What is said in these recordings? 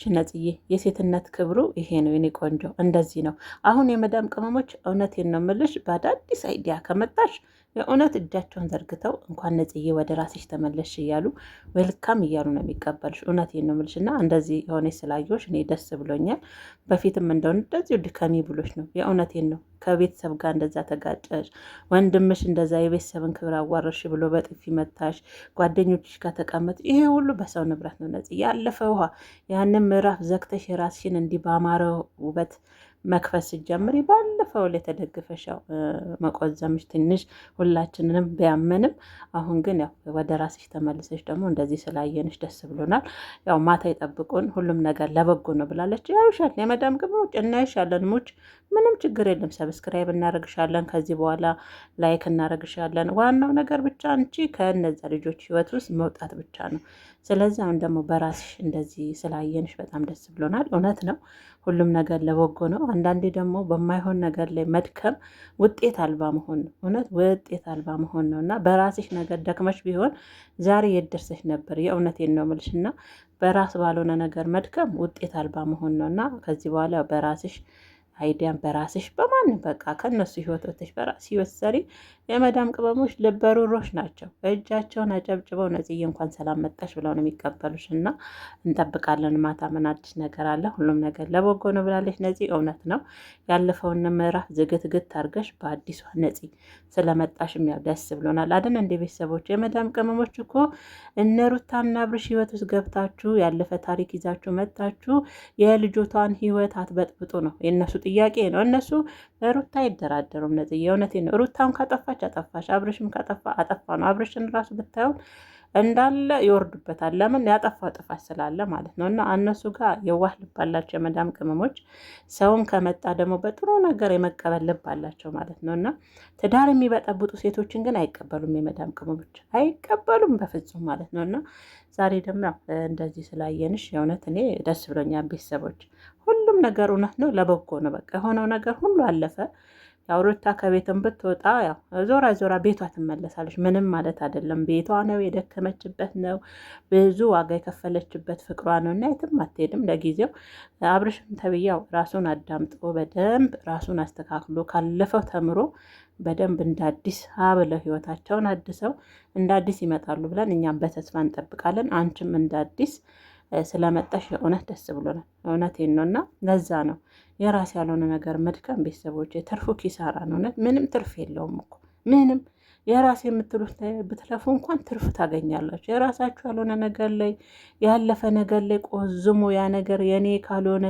ሽነጽዬ የሴትነት ክብሩ ይሄ ነው የኔ ቆንጆ፣ እንደዚህ ነው። አሁን የመዳም ቅመሞች እውነቴን ነው የምልሽ፣ በአዳዲስ አይዲያ ከመጣሽ የእውነት እጃቸውን ዘርግተው እንኳን ነጽዬ ወደ ራስሽ ተመለሽ እያሉ ዌልካም እያሉ ነው የሚቀበልሽ። እውነት ነው ምልሽ እና እንደዚህ የሆነች ስላየሁሽ እኔ ደስ ብሎኛል። በፊትም እንደሆነ እንደዚሁ ድከሚ ብሎች ነው። የእውነቴን ነው ከቤተሰብ ጋር እንደዛ ተጋጨሽ፣ ወንድምሽ እንደዛ የቤተሰብን ክብር አዋረሽ ብሎ በጥፊ መታሽ፣ ጓደኞችሽ ጋር ተቀመጥ። ይሄ ሁሉ በሰው ንብረት ነው ነጽ ያለፈ ውሃ። ያንን ምዕራፍ ዘግተሽ የራስሽን እንዲህ በአማረ ውበት መክፈት ስትጀምሪ ባል ባለፈው ላይ ተደግፈሽ መቆዘምሽ ትንሽ ሁላችንንም ቢያመንም፣ አሁን ግን ያው ወደ ራስሽ ተመልሰሽ ደግሞ እንደዚህ ስላየንሽ ደስ ብሎናል። ያው ማታ ይጠብቁን፣ ሁሉም ነገር ለበጎ ነው ብላለች። ያውሻል የመዳም ቅሞች እናይሻለን፣ ሙች ምንም ችግር የለም። ሰብስክራይብ እናረግሻለን፣ ከዚህ በኋላ ላይክ እናረግሻለን። ዋናው ነገር ብቻ አንቺ ከእነዛ ልጆች ህይወት ውስጥ መውጣት ብቻ ነው። ስለዚህ አሁን ደግሞ በራስሽ እንደዚህ ስላየንሽ በጣም ደስ ብሎናል። እውነት ነው፣ ሁሉም ነገር ለበጎ ነው። አንዳንዴ ደግሞ በማይሆን ነገር ላይ መድከም ውጤት አልባ መሆን ነው። እውነት ውጤት አልባ መሆን ነው እና በራስሽ ነገር ደክመሽ ቢሆን ዛሬ የደርሰሽ ነበር? የእውነቴን ነው የምልሽ እና በራስ ባልሆነ ነገር መድከም ውጤት አልባ መሆን ነው እና ከዚህ በኋላ በራስሽ አይዲያን በራስሽ በማንም በቃ ከነሱ ህይወት ወተሽ በራስ ህይወት ሰሪ። የመዳም ቅመሞች ልበሩሮች ናቸው። እጃቸውን አጨብጭበው ነጽዬ እንኳን ሰላም መጣሽ ብለው ነው የሚቀበሉሽ። እና እንጠብቃለን። ማታ ምን አዲስ ነገር አለ? ሁሉም ነገር ለበጎ ነው ብላለች ነጽ። እውነት ነው። ያለፈውን ምዕራፍ ዝግትግት አድርገሽ በአዲሷ ነጽ ስለመጣሽም ያው ደስ ብሎናል። አደን እንደ ቤተሰቦች የመዳም ቅመሞች እኮ እነ ሩታና አብርሽ ህይወት ውስጥ ገብታችሁ ያለፈ ታሪክ ይዛችሁ መጣችሁ የልጆቷን ህይወት አትበጥብጡ ነው የእነሱ ጥያቄ ነው። እነሱ ሩታ አይደራደሩም። ነጽዬ፣ እውነቴ ነው። ሩታም ካጠፋች አጠፋች፣ አብርሽም ካጠፋ አጠፋ ነው። አብርሽን ራሱ ብታየው እንዳለ ይወርዱበታል። ለምን ያጠፋው ጥፋት ስላለ ማለት ነው። እና እነሱ ጋር የዋህ ልብ አላቸው የመዳም ቅመሞች። ሰውን ከመጣ ደግሞ በጥሩ ነገር የመቀበል ልብ አላቸው ማለት ነው። እና ትዳር የሚበጠብጡ ሴቶችን ግን አይቀበሉም የመዳም ቅመሞች አይቀበሉም በፍጹም ማለት ነው። እና ዛሬ ደግሞ እንደዚህ ስላየንሽ የእውነት እኔ ደስ ብሎኛል። ቤተሰቦች ሁሉም ነገር እውነት ነው፣ ለበጎ ነው። በቃ የሆነው ነገር ሁሉ አለፈ። ያው ሩታ ከቤትም ብትወጣ ያው ዞራ ዞራ ቤቷ ትመለሳለች። ምንም ማለት አይደለም። ቤቷ ነው የደከመችበት ነው ብዙ ዋጋ የከፈለችበት ፍቅሯ ነው እና የትም አትሄድም። ለጊዜው አብርሽም ተብያው ራሱን አዳምጦ በደንብ ራሱን አስተካክሎ ካለፈው ተምሮ በደንብ እንደ አዲስ አብለው ህይወታቸውን አድሰው እንደ አዲስ ይመጣሉ ብለን እኛም በተስፋ እንጠብቃለን። አንቺም እንደ አዲስ ስለመጣሽ እውነት ደስ ብሎናል። እውነቴን ነው እና ለዛ ነው የራስ ያልሆነ ነገር መድከም ቤተሰቦች ትርፉ ኪሳራ ነው። እውነት ምንም ትርፍ የለውም እኮ ምንም የራስ የምትሉት ብትለፉ እንኳን ትርፍ ታገኛላችሁ። የራሳችሁ ያልሆነ ነገር ላይ ያለፈ ነገር ላይ ቆዝሞ ያ ነገር የኔ ካልሆነ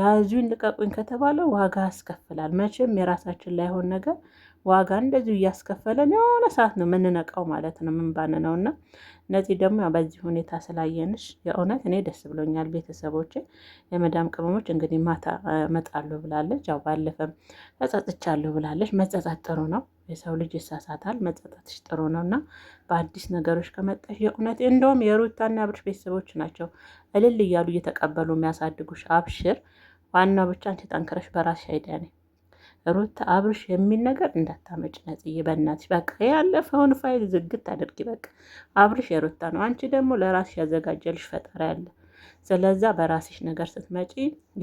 ያዙኝ ልቀቁኝ ከተባለ ዋጋ ያስከፍላል። መቼም የራሳችን ላይሆን ነገር ዋጋ እንደዚሁ እያስከፈለን የሆነ ሰዓት ነው የምንነቃው ማለት ነው ምንባን ነው እና እነዚህ ደግሞ በዚህ ሁኔታ ስላየንሽ የእውነት እኔ ደስ ብሎኛል። ቤተሰቦች የመዳም ቅመሞች እንግዲህ ማታ እመጣለሁ ብላለች። ያው ባለፈም ተጸጽቻለሁ ብላለች። መጸጸት ጥሩ ነው። የሰው ልጅ ይሳሳታል። መጸጸትሽ ጥሩ ነው እና በአዲስ ነገሮች ከመጣሽ የእውነት እንደውም የሩታና አብርሽ ቤተሰቦች ናቸው እልል እያሉ እየተቀበሉ የሚያሳድጉሽ። አብሽር ዋናው ብቻ አንቺ ጠንክረሽ በራስሽ አይዲያ ነኝ ሩታ አብርሽ የሚል ነገር እንዳታመጭ ነጽዬ፣ በእናትሽ በቃ ያለፈውን ፋይል ዝግት አድርጊ። በቃ አብርሽ የሩታ ነው፣ አንቺ ደግሞ ለራስሽ ያዘጋጀልሽ ፈጣሪ አለ። ስለዛ በራስሽ ነገር ስትመጪ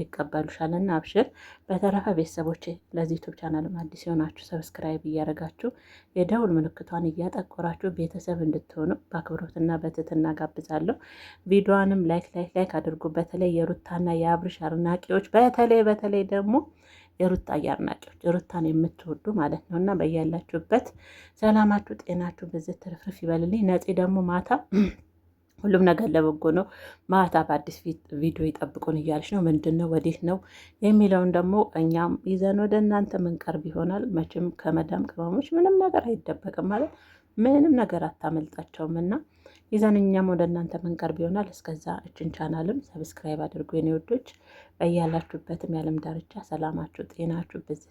ይቀበሉሻል። እና አብሽር። በተረፈ ቤተሰቦቼ ለዚህ ዩቱብ ቻናልም አዲስ የሆናችሁ ሰብስክራይብ እያደረጋችሁ የደውል ምልክቷን እያጠቆራችሁ ቤተሰብ እንድትሆኑ በአክብሮትና በትህትና ጋብዛለሁ። ቪዲዮንም ላይክ ላይክ ላይክ አድርጉ። በተለይ የሩታና የአብርሽ አድናቂዎች በተለይ በተለይ ደግሞ የሩታ አድናቂዎች ሩታን የምትወዱ ማለት ነው እና በያላችሁበት ሰላማችሁ፣ ጤናችሁ በዚህ ትርፍርፍ ይበልልኝ። ነፂ ደግሞ ማታ ሁሉም ነገር ለበጎ ነው። ማታ በአዲስ ቪዲዮ ይጠብቁን እያለች ነው። ምንድን ነው ወዴት ነው የሚለውን ደግሞ እኛም ይዘን ወደ እናንተ ምንቀርብ ይሆናል። መቼም ከመዳም ቅመሞች ምንም ነገር አይደበቅም ማለት ምንም ነገር አታመልጣቸውም እና ይዘን እኛም ወደ እናንተ መንቀርብ ይሆናል። እስከዛ እችን ቻናልም ሰብስክራይብ አድርጉ የኔ ውዶች፣ በያላችሁበትም የዓለም ዳርቻ ሰላማችሁ፣ ጤናችሁ ብዝ